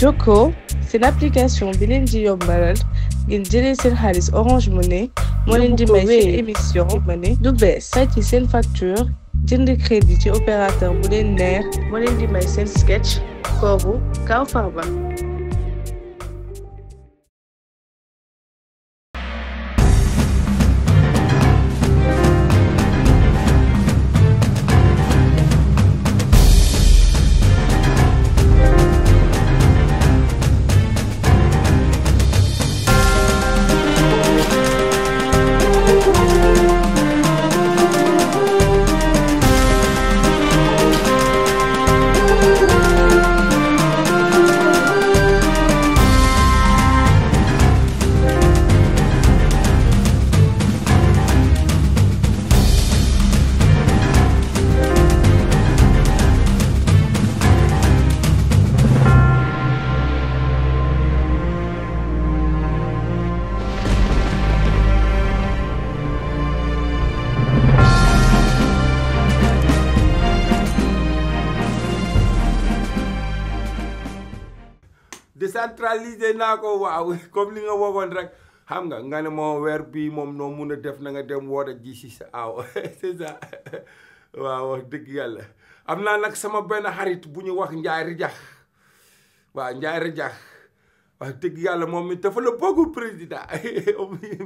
Joko c'est l'application bi leen di yombalal ngeen jëlee seen xaalis Orange Money moo leen di may seen émission Money du bees sàcc ci seen facture jënd crédit ci opérateur bu leen neex moo leen di may seen sketch koobu kaw farba décentralisé naa ko waaw comme li nga waxoon rek xam nga nga ne moo weer bii moom noo mun a def na nga dem woote ji si sa aaw waaw dëgg yàlla am naa nag sama benn xarit bu ñu wax njaay rijax waaw njaay rijax wax dëgg yàlla moom it dafa la bëgg président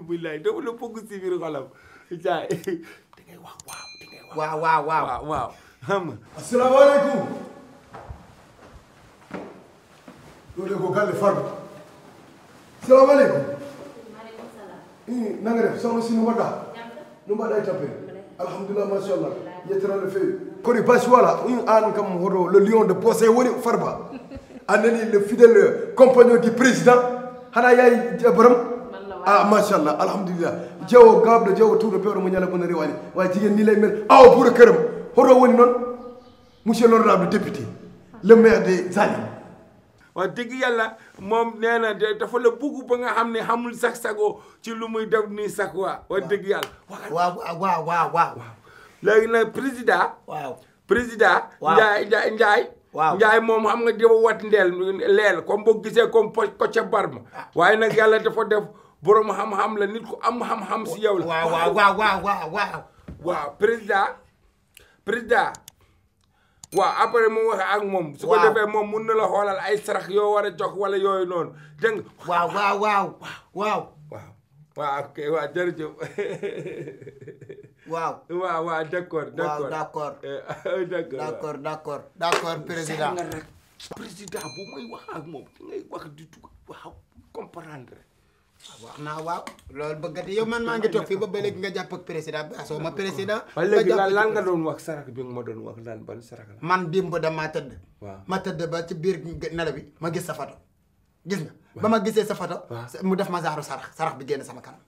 billaay waaw di ngay loolu ko gàlle farba i nanga def soxna si nu ma daa nu ma day tappe alhamdulillah masha allah yetterande fewi kono basi voilà in an kam hoto le lion de posé woni farba annani le fidèle compagnon du président hana yayi jabaram ah machallah alhamdulillah jewo gabɗo jewo tuuɗo pewɗo mo ñala bona rewani way jiguen nila men awa buura këram hoto woni noon monsieur l'honorable député le maire de zalim wax dëgg yàlla moom nee na dafa la bugg ba nga xam ne xamul sax sago ci lu muy def nii wa waa wax dëgg yàlla na waaw waaw waaw léegi nag président waaw président njaay njaay moom xam nga dafa wat ndeel leel comme boo gisee comme Kocc Barma ah. waaye nag yàlla dafa def borom xam-xam la nit ku am xam-xam si yow la waaw waaw waaw waaw waaw président président waaw après mu wax ak moom. su ko defee moom mun na la xoolal ay sarax yoo war a jox wala yooyu noonu dégg nga. waaw waaw waaw waaw. waaw waaw ok waaw jërëjëf. waaw. waaw waaw d' accord d' eh, accord d' accord d' accord d' président. président bu may wax ak moom ngay wax di dugg waaw comprendre. wax naa waaw loolu bëgg yow man maa ngi toog fii ba ba léegi nga jàpp ak président bi asoo ma président. ba léegi lan nga doon wax sarak bi nga ma doon wax lan ban sarak la. man dimb damaa tëdd. waaw ma tëdd ba ci biir nelaw bi ma gis sa photo gis nga ba ma gisee sa photo mu def ma saaru sarax sarax bi génn sama kanam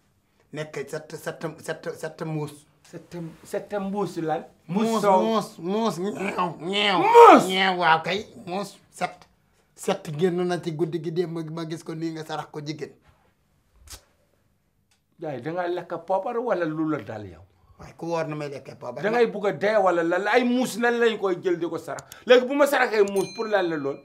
nekk set set set set muus. set set mbuus lan. muus muus muus ñeew ñeew. muus ñeew waaw kay muus set. set génn na ci guddi gi dem ma gis ko nii nga sarax ko jigéen. yaay dangaa lekk poobar wala lu la dal yow. waaye ku woor na may lekkee poobar. dangay bugg a dee wala lan ay muus nan lañ koy jël di ko sarax léegi bu ma saraxee muus pour lan la lool.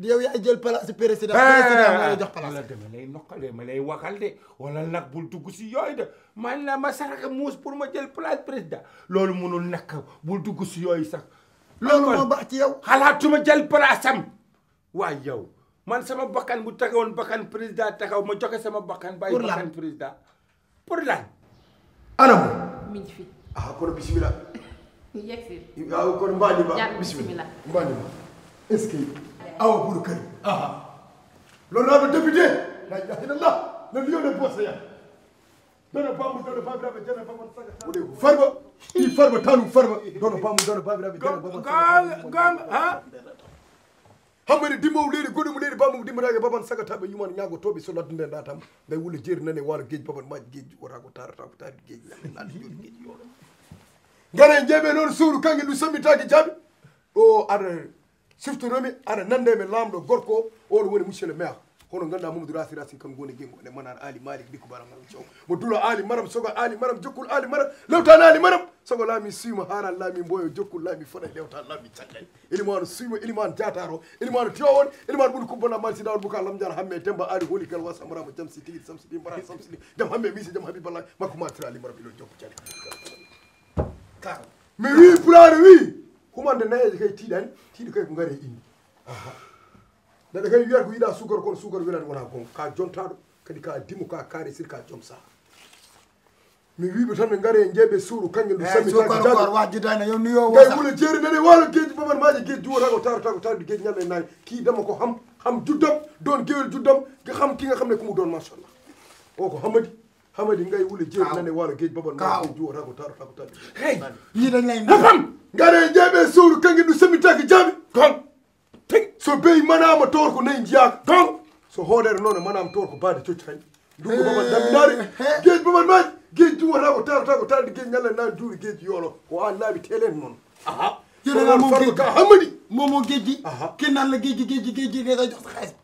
yow yaay jël place président. Ah! président moo la jox place la dama ma lay waxal de wala nag bul dugg si yooyu de man la ma saraxe muus pour ma jël place président loolu munul nekk bul dugg si yooyu sax. loolu moo baax ci yow. xalaatuma jël place am waaye yow man sama bakkan bu tegewoon bakkan président taxaw ma joxe sama bakkan. bàyyi bakkan président. pour lan. anam. mi ngi fi. ah kon bisimilah. yegg si. waaw ah, kon mbaa ni ma bisimilah mbaa ni ma est-ce que awa pour kër. Ah, ah. loolu laa doon député. la ilaha illallah le lion de Bosse ya. dono baamu dono baamu dafa jana baamu saga. o de farba. i farba tanu farba. dono baamu dono baamu dafa jana baamu saga. gong gong ah. hammani dimmowo leydi goɗimo leydi bamamo dimmatake baban sagataɓe yuman ñagotoɓe so laddu nde datama gay wulla jeeri nane wala gueji baban maji gueji wota ko tarata ko taari gueji naɗe joni gueji yoɗo gara jeeɓe noon suudu kanke ɗum sammitaki jaaɓe ɗo aɗa siftoromi aɗa nande me gorko o oɗo woni monsieur le maire hono ganduɗa mamadou rasi rasi kam goni gengole manan ali malik bikko baram maram cew mo dula ali maram sogo ali maram jokkol ali maram lewtan ali maram sogo laami suymo haran laami mboyo jokkol laami fona lewtan laami caggal ilimano suymo ilimane jataro ilimano tiwawon ilimane ɓuuri kubbana mali sidawol buka lamdian hamme temba ali hooli kal wasamrama jamsi tigui samsidi mbara samsidi jam hamme misi jam habi balla makko matira ali maram iɗo jokko cali mi wi pulare wi humande nayeje kay neɗɗo kadi wiyata ko yiiɗa sukara kono sukara welata wona gonga ka jontaɗo kadi ka dimo ka karisir ka joom saha mi wiɓe tan ɓe gaare jeeɓe suuru kanƴe ɗo eh, sammitaaɗogay wula jeeri nani walo geeji baman maji geeji duwata ko tarata ko tarde geeji ñamme nayi kiidama ko ham ham juddam don gewel juddam ham kinga xam ne komu don machallah o ko hamadi hamadi ngay wula jeeri nani walo geeji baman maji duwata ko tarata ko tarde hey yiɗañlay no fam gaare jeeɓe suuru kanƴe ɗo sammitaki jaaɓe kon so beyi a towr ko nayi jiyaka donc so hoodere noon manama towr ko baade cocci hay ndungu babal damminare gueji babal maji gueji duwata ko tarata ko tarde gueji ñalla naani duuɗe gueji yoolo ko an laaɓi teelen noon aha jeɗaa mom ka hammadi momo gueji kennalla gueji gueji gueji a joxta haysa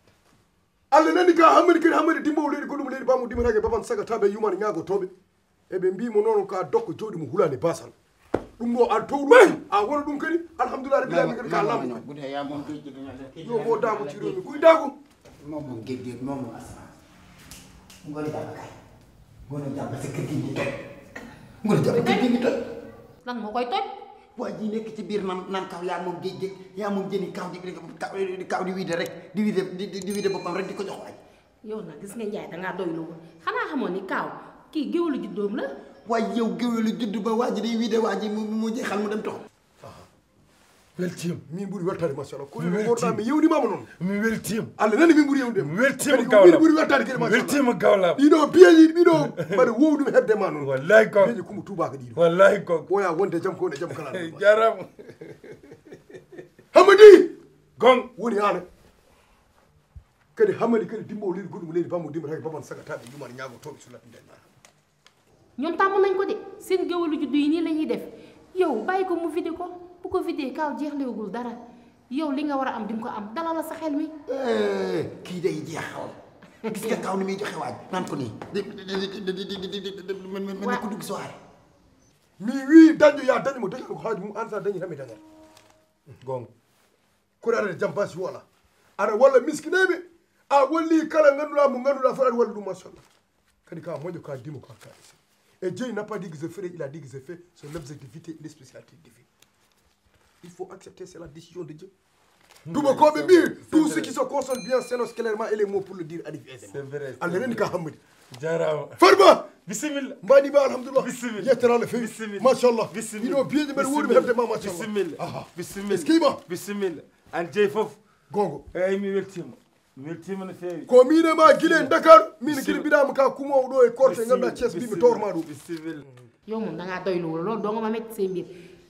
allah nandi ka hammadi kadi hammadi dimbowo leydi goɗɗum leydi bamo a baban saga taɓe yumani ñaagotoɓe eɓe mbimo noon ka dokka jooɗi mo hulani basal ɗum ɗo a tow ɗum a wona ɗum kadi alhamdulillah rabbil alamin kadi ka lamɗo e yo mo dago ciromi koye dago momo gedde momo nekk ci biir nan nan kaw yaa moom géej géej yaa moom jëni kaw di kaw di wiide rek di wiide di wiide boppam rek di ko jox waaj yow nag gis nga njaay dangaa doy lu xanaa xamoon ni kaaw kii géwalu juddoom la waaye yow géwélu judd ba waa ji day wiide waa ji mu mu jeexal mu dem tox weltiim min ɓuuri weltade machallah ko worɗaɓe yewnimama noon mi weltiima allah nani min ɓuuri yewnude weltiima gawla ɓuuri weltade kadi weltiima gawlaɓa ɗiɗo piyeji ɗiɗo mbaɗa wowɗum hebde ma noon wallahi ko peeji kumba tubaka wallahi ko oya wonde jaam ko wone jaam kala jarama hamadi gon woni ana kadi hamadi kadi dimbo leydi goɗɗum leydi bammo dimbata ke baban sagataɓe yumana ñagotoɓe so ñoom tàmm nañ ko de seen géwalu juddu yi nii la def yow bàyyi ko mu vidé ko bu ko vidé kaaw jeexlewugul dara yow li nga war a am di nga ko am dalal la sa xel mi. kii day jeexal. gis nga kaaw ni muy joxe waaj naan ko nii. di di di di di di man man man ko dugg soirée. mais wii dañu yaa dañu ma dañu ko xaaju mu ansa dañu hami dañar gonga kono aɗa jampasi wola aɗa walla miskineɓe a walli kala ganduɗa mo ganduɗa fof aɗa walla ɗum machallah kadi ka moƴo ka dimo ka kalisi Et Dieu n'a pas dit que je ferai, il a dit que je fais. Son objectivité, les spécialités divines. Il faut accepter, c'est la décision de Dieu. du ma koo bi mbir tout ce qui se console bien s'énonce clairement et les mots pour le dire arrive aisément allah nani ka hammadi jarama farba bisimilla mbaɗi ba alhamdoulillah bisimilla yettere allah fewi machallah iɗo biyeje mbaɗa wuuri mi hebde ma machallah bisimilla bisimilla eskima bisimilla an ah, ah. jeeyi foof gongo eyyi eh, mi weltima weltimino feewi ko mine ma guila e dakar min guila mbiɗama ka kumowo ɗo e corte ganduɗa thies mbimi torma ɗum yo mum daga doy lowol loolu dongoma metti se mbir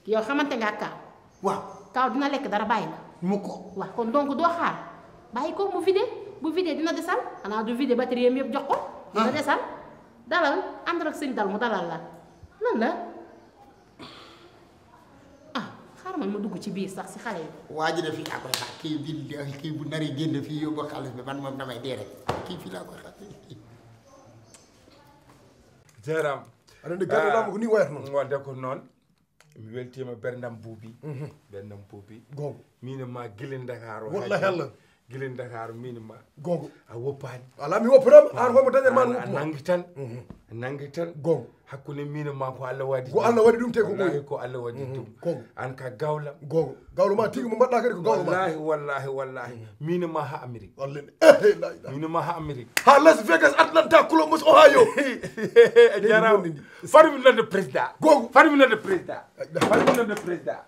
yow xamante nga kaw waaw kaw dina lekk dara bàyyi la mu ko waaw kon donc doo xaar bàyyi ko mu vidé bu vidé dina desal xanaa du vidé batterie yam yëpp jox ko dina ah. desal dalal ànd ak sëñ dal mu dalal la lan la xaaral ma dugg ci biir sax si xale yi. waa ji de laa koy xaar kii bu naree génn fii man moom damay dee rek kii fii laa koy xaar. jaaraam. ana ne ni wayat noonu. wante ko noonu. mi weltiima miine maa gilin Dakar. wallahi yàlla. guilin dakar minima gongo a woppani a mi woppanama a homo dañat ma woppu nangi tan mhm. nangi tan gongo hakkude ko allah waɗi ko allah waɗi ɗum te allah waɗi ɗum mhm. gongo an ka gawlam gongo gawlo ma tigi mo mbaɗɗa kadi ko gawlo wallahi wallahi wallahi minima mhm. ha amérique wallahi minima ha amérique ha las vegas atlanta colombus ohio a jarama farminode président gongo farminode président farminode président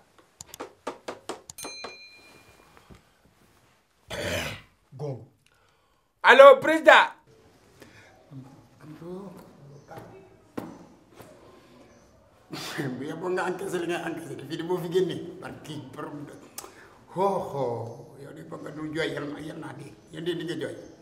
Congo. allo président. bu yeboo nga encaissé li nga encaissé te fii de boo fi génnee par kii par xooxoo yow de du jooy yal na yal naa de di nga jooy.